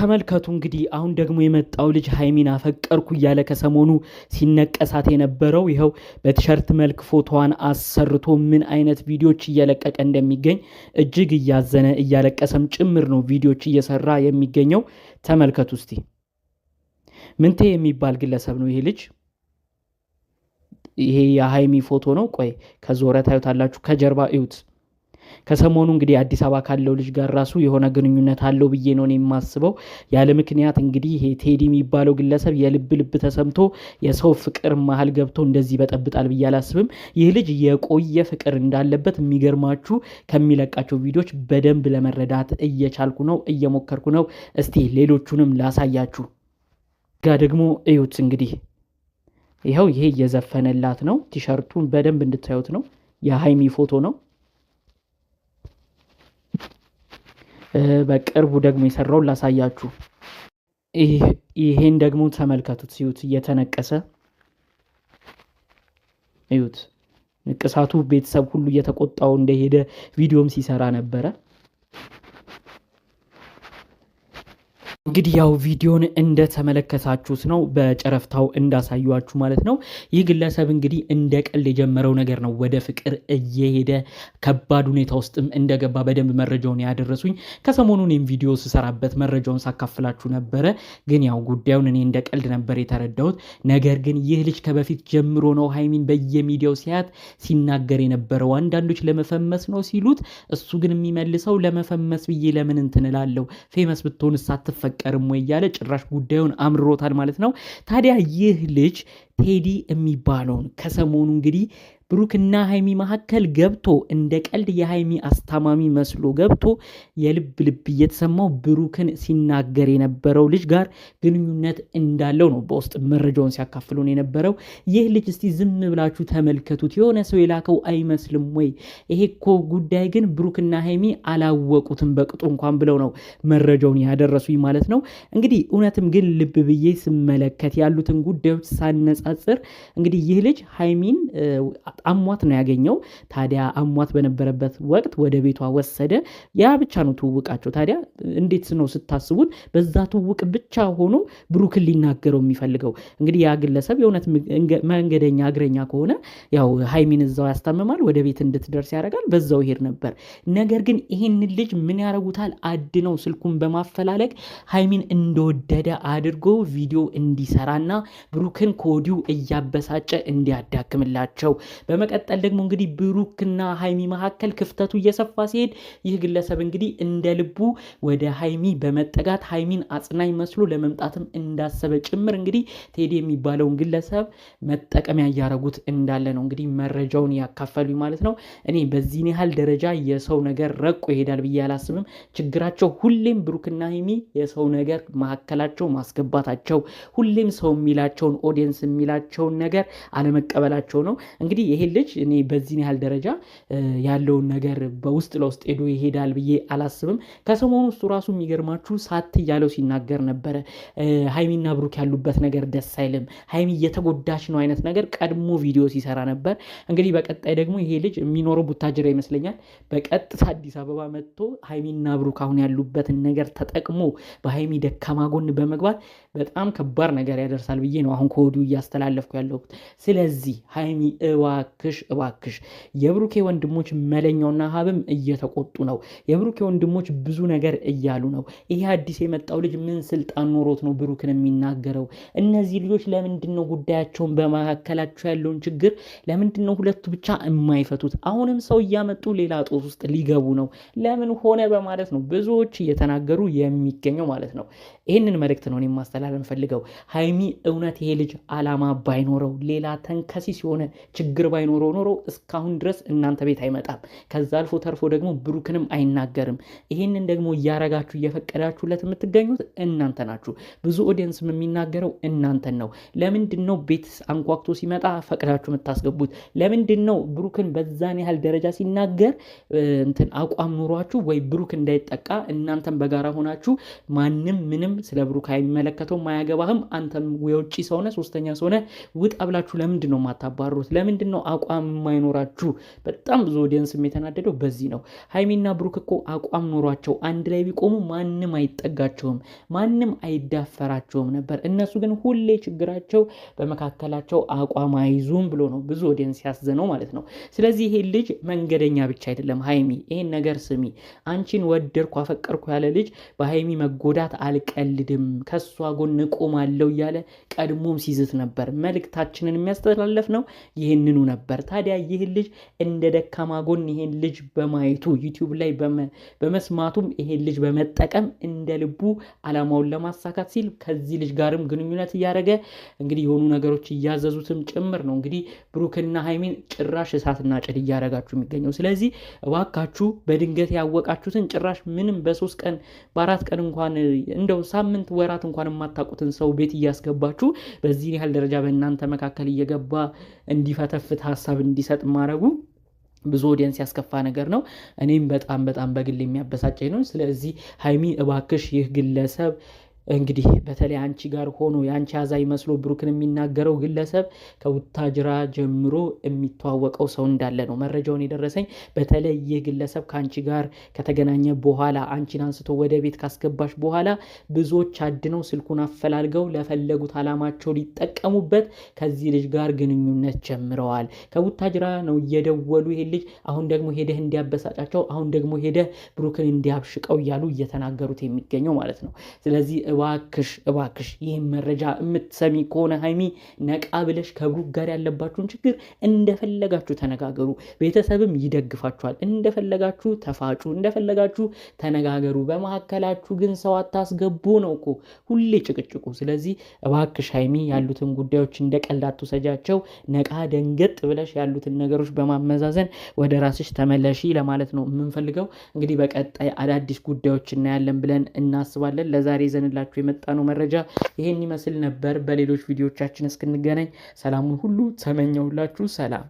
ተመልከቱ እንግዲህ አሁን ደግሞ የመጣው ልጅ ሀይሚን አፈቀርኩ እያለ ከሰሞኑ ሲነቀሳት የነበረው ይኸው በቲሸርት መልክ ፎቶዋን አሰርቶ ምን አይነት ቪዲዮዎች እየለቀቀ እንደሚገኝ እጅግ እያዘነ እያለቀሰም ጭምር ነው ቪዲዮዎች እየሰራ የሚገኘው። ተመልከቱ እስቲ። ምንቴ የሚባል ግለሰብ ነው ይሄ ልጅ። ይሄ የሀይሚ ፎቶ ነው። ቆይ ከዞረ ታዩታላችሁ። ከጀርባ እዩት። ከሰሞኑ እንግዲህ አዲስ አበባ ካለው ልጅ ጋር ራሱ የሆነ ግንኙነት አለው ብዬ ነው የማስበው። ያለ ምክንያት እንግዲህ ይሄ ቴዲ የሚባለው ግለሰብ የልብ ልብ ተሰምቶ የሰው ፍቅር መሀል ገብቶ እንደዚህ በጠብጣል ብዬ አላስብም። ይህ ልጅ የቆየ ፍቅር እንዳለበት የሚገርማችሁ ከሚለቃቸው ቪዲዮዎች በደንብ ለመረዳት እየቻልኩ ነው፣ እየሞከርኩ ነው። እስቲ ሌሎቹንም ላሳያችሁ። ጋ ደግሞ እዩት እንግዲህ ይኸው ይሄ እየዘፈነላት ነው። ቲሸርቱን በደንብ እንድታዩት ነው። የሀይሚ ፎቶ ነው። በቅርቡ ደግሞ የሰራውን ላሳያችሁ። ይሄን ደግሞ ተመልከቱት፣ ሲዩት እየተነቀሰ እዩት። ንቅሳቱ ቤተሰብ ሁሉ እየተቆጣው እንደሄደ ቪዲዮም ሲሰራ ነበረ። እንግዲህ ያው ቪዲዮን እንደተመለከታችሁት ነው፣ በጨረፍታው እንዳሳዩችሁ ማለት ነው። ይህ ግለሰብ እንግዲህ እንደ ቀልድ የጀመረው ነገር ነው ወደ ፍቅር እየሄደ ከባድ ሁኔታ ውስጥም እንደገባ በደንብ መረጃውን ያደረሱኝ። ከሰሞኑን ይህም ቪዲዮ ስሰራበት መረጃውን ሳካፍላችሁ ነበረ። ግን ያው ጉዳዩን እኔ እንደ ቀልድ ነበር የተረዳሁት። ነገር ግን ይህ ልጅ ከበፊት ጀምሮ ነው ሀይሚን በየሚዲያው ሲያት ሲናገር የነበረው። አንዳንዶች ለመፈመስ ነው ሲሉት፣ እሱ ግን የሚመልሰው ለመፈመስ ብዬ ለምን እንትንላለው ፌመስ ብትሆን ሳትፈቀ አይቀርም ወይ እያለ ጭራሽ ጉዳዩን አምርሮታል ማለት ነው። ታዲያ ይህ ልጅ ቴዲ የሚባለውን ከሰሞኑ እንግዲህ ብሩክና ሀይሚ መካከል ገብቶ እንደ ቀልድ የሀይሚ አስታማሚ መስሎ ገብቶ የልብ ልብ እየተሰማው ብሩክን ሲናገር የነበረው ልጅ ጋር ግንኙነት እንዳለው ነው በውስጥ መረጃውን ሲያካፍሉን የነበረው። ይህ ልጅ እስቲ ዝም ብላችሁ ተመልከቱት። የሆነ ሰው የላከው አይመስልም ወይ? ይሄ እኮ ጉዳይ ግን ብሩክና ሀይሚ አላወቁትም በቅጡ እንኳን ብለው ነው መረጃውን ያደረሱኝ ማለት ነው። እንግዲህ እውነትም ግን ልብ ብዬ ስመለከት ያሉትን ጉዳዮች ሳነጻ ስናነጻጽር እንግዲህ ይህ ልጅ ሀይሚን አሟት ነው ያገኘው። ታዲያ አሟት በነበረበት ወቅት ወደ ቤቷ ወሰደ። ያ ብቻ ነው ትውውቃቸው። ታዲያ እንዴት ነው ስታስቡት? በዛ ትውውቅ ብቻ ሆኖ ብሩክን ሊናገረው የሚፈልገው እንግዲህ ያ ግለሰብ የእውነት መንገደኛ እግረኛ ከሆነ ያው ሀይሚን እዛው ያስታምማል፣ ወደ ቤት እንድትደርስ ያደርጋል። በዛው ይሄድ ነበር። ነገር ግን ይህንን ልጅ ምን ያደርጉታል? አድነው ስልኩን በማፈላለግ ሀይሚን እንደወደደ አድርጎ ቪዲዮ እንዲሰራና ብሩክን ከወዲሁ እያበሳጨ እንዲያዳክምላቸው። በመቀጠል ደግሞ እንግዲህ ብሩክና ሀይሚ መካከል ክፍተቱ እየሰፋ ሲሄድ ይህ ግለሰብ እንግዲህ እንደ ልቡ ወደ ሀይሚ በመጠጋት ሀይሚን አጽናኝ መስሎ ለመምጣትም እንዳሰበ ጭምር እንግዲህ ቴዲ የሚባለውን ግለሰብ መጠቀሚያ እያረጉት እንዳለ ነው እንግዲህ መረጃውን ያካፈሉ ማለት ነው። እኔ በዚህን ያህል ደረጃ የሰው ነገር ረቆ ይሄዳል ብዬ አላስብም። ችግራቸው ሁሌም ብሩክና ሀይሚ የሰው ነገር መካከላቸው ማስገባታቸው፣ ሁሌም ሰው የሚላቸውን ኦዲየንስ የሚ የሚላቸውን ነገር አለመቀበላቸው ነው። እንግዲህ ይሄ ልጅ እኔ በዚህን ያህል ደረጃ ያለውን ነገር በውስጥ ለውስጥ ሄዶ ይሄዳል ብዬ አላስብም። ከሰሞኑ እሱ ራሱ የሚገርማችሁ ሳት እያለው ሲናገር ነበረ። ሀይሚና ብሩክ ያሉበት ነገር ደስ አይልም፣ ሀይሚ እየተጎዳች ነው አይነት ነገር ቀድሞ ቪዲዮ ሲሰራ ነበር። እንግዲህ በቀጣይ ደግሞ ይሄ ልጅ የሚኖረው ቡታጅራ ይመስለኛል። በቀጥታ አዲስ አበባ መጥቶ ሀይሚና ብሩክ አሁን ያሉበትን ነገር ተጠቅሞ በሀይሚ ደካማ ጎን በመግባት በጣም ከባድ ነገር ያደርሳል ብዬ ነው አሁን ከወዲሁ እያስ እያስተላለፍኩ ያለሁት። ስለዚህ ሀይሚ እባክሽ እባክሽ፣ የብሩኬ ወንድሞች መለኛውና ሀብም እየተቆጡ ነው። የብሩኬ ወንድሞች ብዙ ነገር እያሉ ነው። ይሄ አዲስ የመጣው ልጅ ምን ስልጣን ኖሮት ነው ብሩክን የሚናገረው? እነዚህ ልጆች ለምንድን ነው ጉዳያቸውን በመካከላቸው ያለውን ችግር ለምንድን ነው ሁለቱ ብቻ የማይፈቱት? አሁንም ሰው እያመጡ ሌላ ጦስ ውስጥ ሊገቡ ነው። ለምን ሆነ በማለት ነው ብዙዎች እየተናገሩ የሚገኘው ማለት ነው። ይህንን መልእክት ነው እኔ ማስተላለፍ ፈልገው ሀይሚ እውነት ይሄ ልጅ አላ ዓላማ ባይኖረው ሌላ ተንከሲ ሲሆነ ችግር ባይኖረው ኖሮ እስካሁን ድረስ እናንተ ቤት አይመጣም። ከዛ አልፎ ተርፎ ደግሞ ብሩክንም አይናገርም። ይህንን ደግሞ እያረጋችሁ እየፈቀዳችሁለት የምትገኙት እናንተ ናችሁ። ብዙ ኦዲየንስም የሚናገረው እናንተን ነው። ለምንድን ነው ቤት አንኳኩቶ ሲመጣ ፈቅዳችሁ የምታስገቡት? ለምንድን ነው ብሩክን በዛን ያህል ደረጃ ሲናገር እንትን አቋም ኑሯችሁ ወይ ብሩክ እንዳይጠቃ እናንተን በጋራ ሆናችሁ ማንም ምንም ስለ ብሩክ አይመለከተውም፣ አያገባህም፣ አንተም የውጭ ሰውነ ሶስተኛ ሰው ከሆነ ውጣ ብላችሁ ለምንድን ነው የማታባሩት? ለምንድን ነው አቋም የማይኖራችሁ? በጣም ብዙ ኦዲየንስም የተናደደው በዚህ ነው። ሀይሚና ብሩክ እኮ አቋም ኖሯቸው አንድ ላይ ቢቆሙ ማንም አይጠጋቸውም፣ ማንም አይዳፈራቸውም ነበር። እነሱ ግን ሁሌ ችግራቸው በመካከላቸው አቋም አይዙም ብሎ ነው ብዙ ኦዲየንስ ያዘነው ማለት ነው። ስለዚህ ይሄ ልጅ መንገደኛ ብቻ አይደለም። ሀይሚ ይሄን ነገር ስሚ፣ አንቺን ወደድኩ አፈቀርኩ ያለ ልጅ በሀይሚ መጎዳት አልቀልድም ከሷ ጎን እቆማለሁ እያለ ቀድሞም ሲዝት ነበር። ነበር መልእክታችንን የሚያስተላለፍ ነው ይህንኑ ነበር። ታዲያ ይህን ልጅ እንደ ደካማ ጎን ይህን ልጅ በማየቱ ዩቲዩብ ላይ በመስማቱም ይሄን ልጅ በመጠቀም እንደ ልቡ ዓላማውን ለማሳካት ሲል ከዚህ ልጅ ጋርም ግንኙነት እያደረገ እንግዲህ የሆኑ ነገሮች እያዘዙትም ጭምር ነው እንግዲህ ብሩክና ሀይሚን ጭራሽ እሳትና ጭድ እያደረጋችሁ የሚገኘው። ስለዚህ እባካችሁ በድንገት ያወቃችሁትን ጭራሽ ምንም በሶስት ቀን በአራት ቀን እንኳን እንደው ሳምንት ወራት እንኳን የማታውቁትን ሰው ቤት እያስገባችሁ በዚህ ያህል ደረጃ መረጃ በእናንተ መካከል እየገባ እንዲፈተፍት ሀሳብ እንዲሰጥ ማድረጉ ብዙ ኦዲየንስ ያስከፋ ነገር ነው። እኔም በጣም በጣም በግል የሚያበሳጨኝ ነው። ስለዚህ ሀይሚ እባክሽ ይህ ግለሰብ እንግዲህ በተለይ አንቺ ጋር ሆኖ የአንቺ አዛኝ መስሎ ብሩክን የሚናገረው ግለሰብ ከቡታጅራ ጀምሮ የሚተዋወቀው ሰው እንዳለ ነው መረጃውን የደረሰኝ። በተለይ ይህ ግለሰብ ከአንቺ ጋር ከተገናኘ በኋላ አንቺን አንስቶ ወደ ቤት ካስገባሽ በኋላ ብዙዎች አድነው ስልኩን አፈላልገው ለፈለጉት አላማቸው ሊጠቀሙበት ከዚህ ልጅ ጋር ግንኙነት ጀምረዋል። ከቡታጅራ ነው እየደወሉ ይሄን ልጅ አሁን ደግሞ ሄደህ እንዲያበሳጫቸው፣ አሁን ደግሞ ሄደህ ብሩክን እንዲያብሽቀው እያሉ እየተናገሩት የሚገኘው ማለት ነው። ስለዚህ እባክሽ እባክሽ ይህም መረጃ የምትሰሚ ከሆነ ሀይሚ ነቃ ብለሽ ከብሩክ ጋር ያለባችሁን ችግር እንደፈለጋችሁ ተነጋገሩ። ቤተሰብም ይደግፋችኋል። እንደፈለጋችሁ ተፋጩ፣ እንደፈለጋችሁ ተነጋገሩ። በመካከላችሁ ግን ሰው አታስገቡ ነው እኮ ሁሌ ጭቅጭቁ። ስለዚህ እባክሽ ሀይሚ ያሉትን ጉዳዮች እንደ ቀልድ አትውሰጃቸው። ነቃ ደንገጥ ብለሽ ያሉትን ነገሮች በማመዛዘን ወደ ራስሽ ተመለሺ ለማለት ነው የምንፈልገው። እንግዲህ በቀጣይ አዳዲስ ጉዳዮች እናያለን ብለን እናስባለን። ለዛሬ ይዘንላችሁ ይዘንላችሁ የመጣ ነው መረጃ ይሄን ይመስል ነበር። በሌሎች ቪዲዮቻችን እስክንገናኝ ሰላሙን ሁሉ ተመኘሁላችሁ። ሰላም